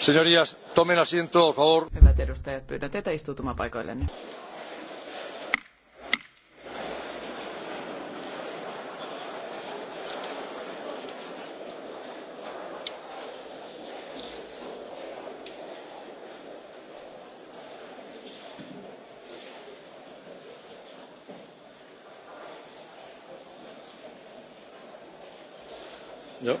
Señorías, tomen asiento, por favor. Hyvät edustajat, pyydän teitä istuutumaan paikoillenne. No,